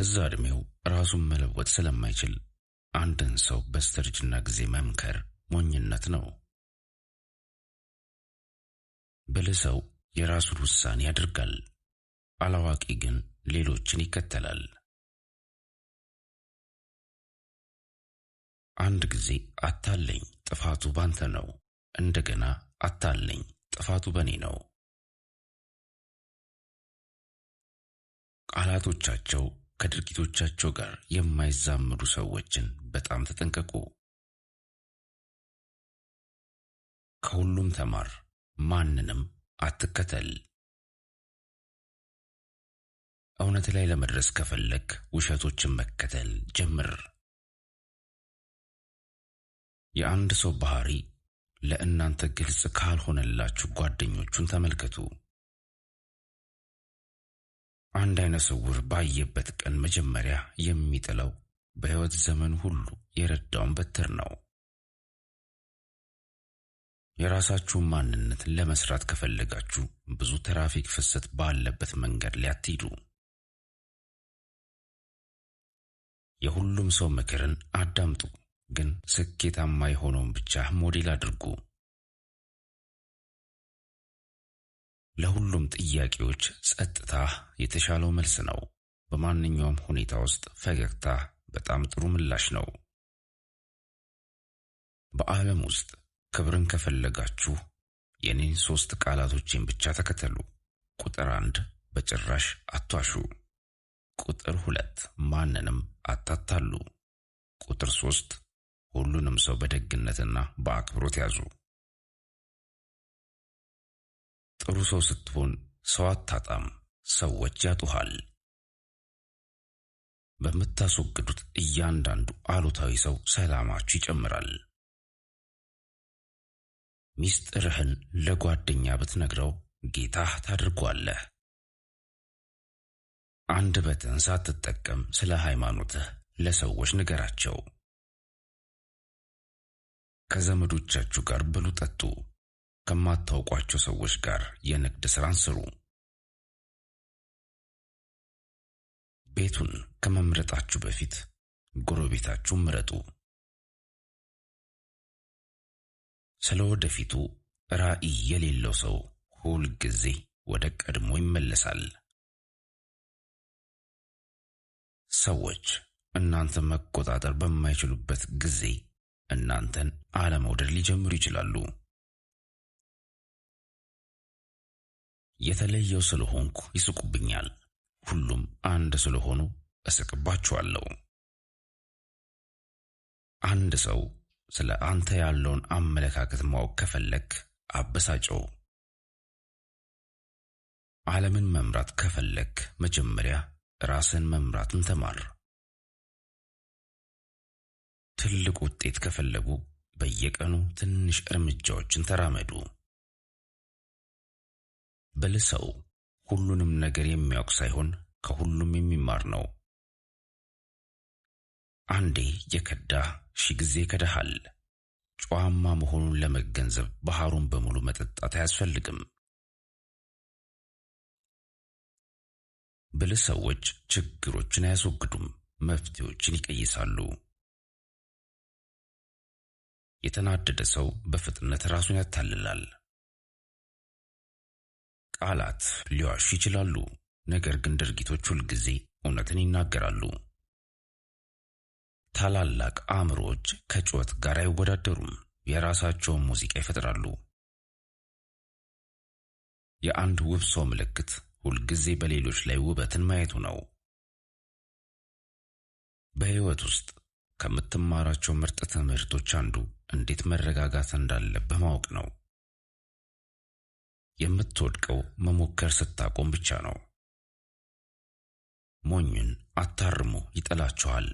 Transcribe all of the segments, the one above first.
በዛ ዕድሜው ራሱን መለወጥ ስለማይችል አንድን ሰው በስተርጅና ጊዜ መምከር ሞኝነት ነው። ብልህ ሰው የራሱን ውሳኔ ያደርጋል። አላዋቂ ግን ሌሎችን ይከተላል። አንድ ጊዜ አታለኝ፣ ጥፋቱ ባንተ ነው። እንደገና አታለኝ፣ ጥፋቱ በእኔ ነው። ቃላቶቻቸው ከድርጊቶቻቸው ጋር የማይዛመዱ ሰዎችን በጣም ተጠንቀቁ። ከሁሉም ተማር፣ ማንንም አትከተል። እውነት ላይ ለመድረስ ከፈለግ ውሸቶችን መከተል ጀምር። የአንድ ሰው ባህሪ ለእናንተ ግልጽ ካልሆነላችሁ ጓደኞቹን ተመልከቱ። አንድ አይነ ስውር ባየበት ቀን መጀመሪያ የሚጥለው በሕይወት ዘመን ሁሉ የረዳውን በትር ነው። የራሳችሁን ማንነት ለመስራት ከፈለጋችሁ ብዙ ትራፊክ ፍሰት ባለበት መንገድ ላይ አትሂዱ። የሁሉም ሰው ምክርን አዳምጡ፣ ግን ስኬታማ የሆነውን ብቻ ሞዴል አድርጉ። ለሁሉም ጥያቄዎች ጸጥታ የተሻለው መልስ ነው። በማንኛውም ሁኔታ ውስጥ ፈገግታ በጣም ጥሩ ምላሽ ነው። በዓለም ውስጥ ክብርን ከፈለጋችሁ የኔን ሶስት ቃላቶችን ብቻ ተከተሉ። ቁጥር አንድ በጭራሽ አቷሹ። ቁጥር ሁለት ማንንም አታታሉ። ቁጥር ሶስት ሁሉንም ሰው በደግነትና በአክብሮት ያዙ። ጥሩ ሰው ስትሆን ሰው አታጣም፣ ሰዎች ያጡሃል። በምታስወግዱት እያንዳንዱ አሉታዊ ሰው ሰላማችሁ ይጨምራል። ሚስጥርህን ለጓደኛ ብትነግረው ጌታህ ታድርጓለህ። አንድ በትን ሳትጠቀም ስለ ሃይማኖትህ ለሰዎች ንገራቸው። ከዘመዶቻችሁ ጋር ብሉ፣ ጠጡ። ከማታውቋቸው ሰዎች ጋር የንግድ ስራን ስሩ። ቤቱን ከመምረጣችሁ በፊት ጎረቤታችሁን ምረጡ። ስለ ወደፊቱ ራዕይ የሌለው ሰው ሁል ጊዜ ወደ ቀድሞ ይመለሳል። ሰዎች እናንተን መቆጣጠር በማይችሉበት ጊዜ እናንተን አለመውደድ ሊጀምሩ ይችላሉ። የተለየው ስለሆንኩ ይስቁብኛል። ሁሉም አንድ ስለሆኑ እስቅባችኋለሁ። አንድ ሰው ስለ አንተ ያለውን አመለካከት ማወቅ ከፈለክ አበሳጨው። ዓለምን መምራት ከፈለክ መጀመሪያ ራስን መምራትን ተማር። ትልቅ ውጤት ከፈለጉ በየቀኑ ትንሽ እርምጃዎችን ተራመዱ። በልሰው ሁሉንም ነገር የሚያውቅ ሳይሆን ከሁሉም የሚማር ነው። አንዴ የከዳ ሺ ጊዜ ከደሃል። ጨዋማ መሆኑን ለመገንዘብ ባህሩን በሙሉ መጠጣት አያስፈልግም። ብልህ ሰዎች ችግሮችን አያስወግዱም፣ መፍትሄዎችን ይቀይሳሉ። የተናደደ ሰው በፍጥነት ራሱን ያታልላል። ቃላት ሊዋሹ ይችላሉ፣ ነገር ግን ድርጊቶች ሁልጊዜ እውነትን ይናገራሉ። ታላላቅ አእምሮዎች ከጩኸት ጋር አይወዳደሩም፣ የራሳቸውን ሙዚቃ ይፈጥራሉ። የአንድ ውብ ሰው ምልክት ሁልጊዜ በሌሎች ላይ ውበትን ማየቱ ነው። በሕይወት ውስጥ ከምትማራቸው ምርጥ ትምህርቶች አንዱ እንዴት መረጋጋት እንዳለብህ ማወቅ ነው። የምትወድቀው መሞከር ስታቆም ብቻ ነው። ሞኝን አታርሙ፣ ይጠላችኋል።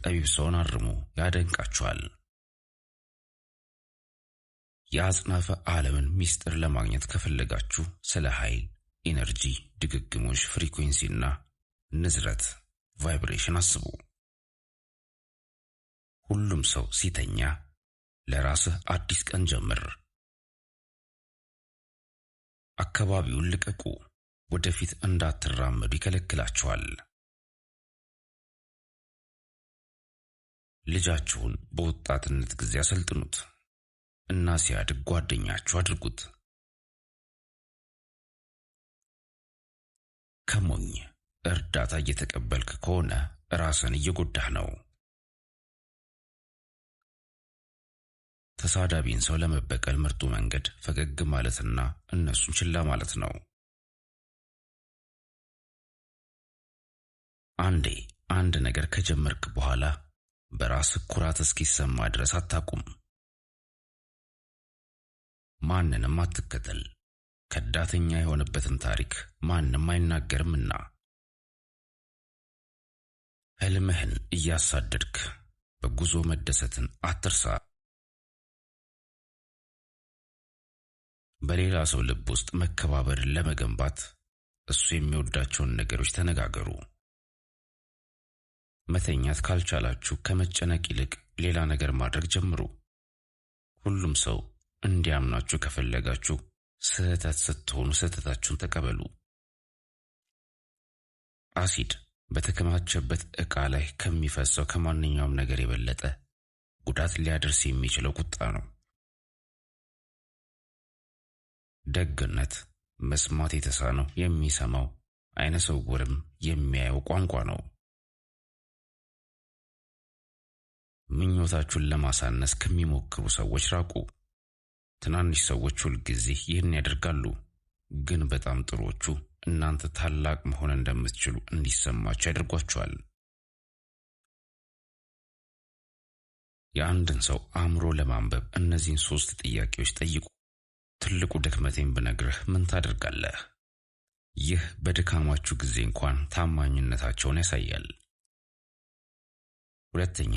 ጠቢብ ሰውን አርሙ፣ ያደንቃችኋል። የአጽናፈ ዓለምን ምስጢር ለማግኘት ከፈለጋችሁ ስለ ኃይል፣ ኢነርጂ፣ ድግግሞሽ፣ ፍሪኩዌንሲ እና ንዝረት ቫይብሬሽን አስቡ። ሁሉም ሰው ሲተኛ ለራስህ አዲስ ቀን ጀምር። አካባቢውን ልቀቁ፣ ወደፊት እንዳትራመዱ ይከለክላችኋል። ልጃችሁን በወጣትነት ጊዜ አሰልጥኑት እና ሲያድግ ጓደኛችሁ አድርጉት። ከሞኝ እርዳታ እየተቀበልክ ከሆነ ራስን እየጎዳህ ነው። ተሳዳቢን ሰው ለመበቀል ምርጡ መንገድ ፈገግ ማለትና እነሱን ችላ ማለት ነው። አንዴ አንድ ነገር ከጀመርክ በኋላ በራስ ኩራት እስኪሰማ ድረስ አታቁም። ማንንም አትከተል። ከዳተኛ የሆነበትን ታሪክ ማንም አይናገርምና ህልምህን እያሳደድክ በጉዞ መደሰትን አትርሳ። በሌላ ሰው ልብ ውስጥ መከባበር ለመገንባት እሱ የሚወዳቸውን ነገሮች ተነጋገሩ። መተኛት ካልቻላችሁ ከመጨነቅ ይልቅ ሌላ ነገር ማድረግ ጀምሩ። ሁሉም ሰው እንዲያምናችሁ ከፈለጋችሁ ስህተት ስትሆኑ ስህተታችሁን ተቀበሉ። አሲድ በተከማቸበት ዕቃ ላይ ከሚፈሰው ከማንኛውም ነገር የበለጠ ጉዳት ሊያደርስ የሚችለው ቁጣ ነው። ደግነት መስማት የተሳነው የሚሰማው አይነ ስውርም የሚያየው ቋንቋ ነው። ምኞታችሁን ለማሳነስ ከሚሞክሩ ሰዎች ራቁ። ትናንሽ ሰዎች ሁልጊዜ ይህን ያደርጋሉ፣ ግን በጣም ጥሮቹ እናንተ ታላቅ መሆን እንደምትችሉ እንዲሰማችሁ ያደርጓችኋል። የአንድን ሰው አእምሮ ለማንበብ እነዚህን ሶስት ጥያቄዎች ጠይቁ። ትልቁ ድክመቴን ብነግርህ ምን ታደርጋለህ? ይህ በድካማችሁ ጊዜ እንኳን ታማኝነታቸውን ያሳያል። ሁለተኛ፣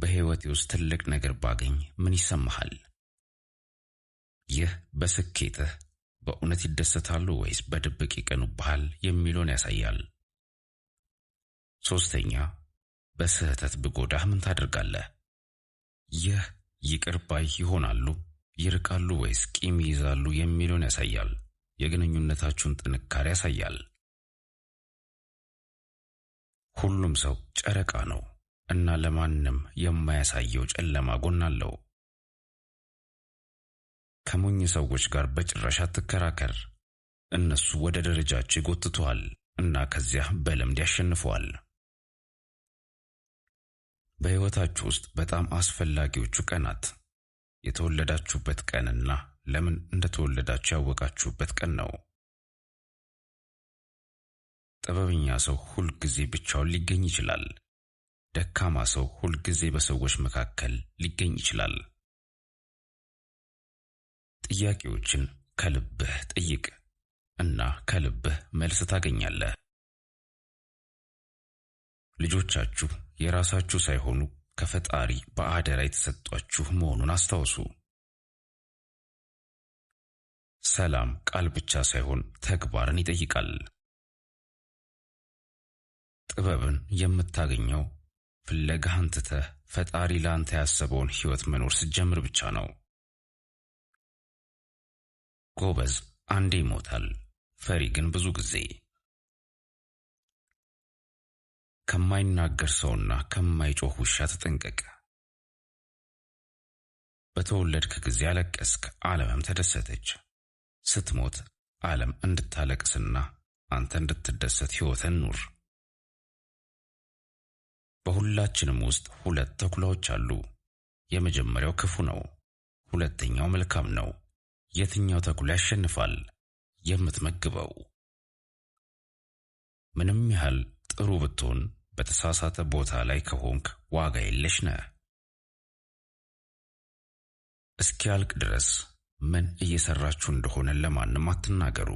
በሕይወቴ ውስጥ ትልቅ ነገር ባገኝ ምን ይሰማሃል? ይህ በስኬትህ በእውነት ይደሰታሉ ወይስ በድብቅ ይቀኑብሃል የሚለውን ያሳያል። ሶስተኛ፣ በስህተት ብጎዳህ ምን ታደርጋለህ? ይህ ይቅር ባይ ይሆናሉ ይርቃሉ ወይስ ቂም ይይዛሉ የሚለውን ያሳያል። የግንኙነታችሁን ጥንካሬ ያሳያል። ሁሉም ሰው ጨረቃ ነው እና ለማንም የማያሳየው ጨለማ ጎን አለው። ከሞኝ ሰዎች ጋር በጭራሽ አትከራከር። እነሱ ወደ ደረጃቸው ይጎትተዋል እና ከዚያ በልምድ ያሸንፈዋል። በሕይወታችሁ ውስጥ በጣም አስፈላጊዎቹ ቀናት የተወለዳችሁበት ቀንና ለምን እንደተወለዳችሁ ያወቃችሁበት ቀን ነው። ጥበበኛ ሰው ሁል ጊዜ ብቻውን ሊገኝ ይችላል። ደካማ ሰው ሁል ጊዜ በሰዎች መካከል ሊገኝ ይችላል። ጥያቄዎችን ከልብህ ጠይቅ እና ከልብህ መልስ ታገኛለህ። ልጆቻችሁ የራሳችሁ ሳይሆኑ ከፈጣሪ በአደራ የተሰጧችሁ መሆኑን አስታውሱ። ሰላም ቃል ብቻ ሳይሆን ተግባርን ይጠይቃል። ጥበብን የምታገኘው ፍለጋህን ትተህ ፈጣሪ ለአንተ ያሰበውን ሕይወት መኖር ስትጀምር ብቻ ነው። ጎበዝ አንዴ ይሞታል፣ ፈሪ ግን ብዙ ጊዜ ከማይናገር ሰውና ከማይጮህ ውሻ ተጠንቀቅ። በተወለድክ ጊዜ አለቀስክ፣ ዓለምም ተደሰተች። ስትሞት ዓለም እንድታለቅስና አንተ እንድትደሰት ሕይወትን ኑር። በሁላችንም ውስጥ ሁለት ተኩላዎች አሉ። የመጀመሪያው ክፉ ነው፣ ሁለተኛው መልካም ነው። የትኛው ተኩላ ያሸንፋል? የምትመግበው ምንም ያህል ጥሩ ብትሆን በተሳሳተ ቦታ ላይ ከሆንክ ዋጋ የለሽ ነ። እስኪያልቅ ድረስ ምን እየሰራችሁ እንደሆነ ለማንም አትናገሩ።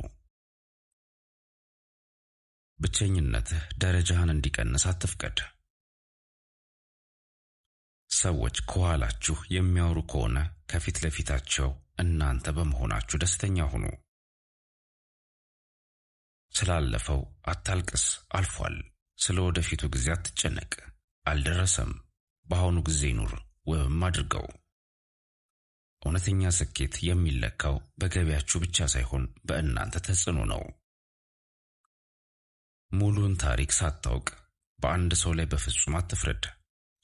ብቸኝነትህ ደረጃህን እንዲቀንስ አትፍቀድ። ሰዎች ከኋላችሁ የሚያወሩ ከሆነ ከፊት ለፊታቸው እናንተ በመሆናችሁ ደስተኛ ሁኑ። ስላለፈው አታልቅስ፣ አልፏል። ስለ ወደፊቱ ጊዜ አትጨነቅ፣ አልደረሰም። በአሁኑ ጊዜ ኑር፣ ውብም አድርገው። እውነተኛ ስኬት የሚለካው በገቢያችሁ ብቻ ሳይሆን በእናንተ ተጽዕኖ ነው። ሙሉን ታሪክ ሳታውቅ በአንድ ሰው ላይ በፍጹም አትፍረድ።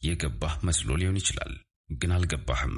የገባህ መስሎ ሊሆን ይችላል፣ ግን አልገባህም።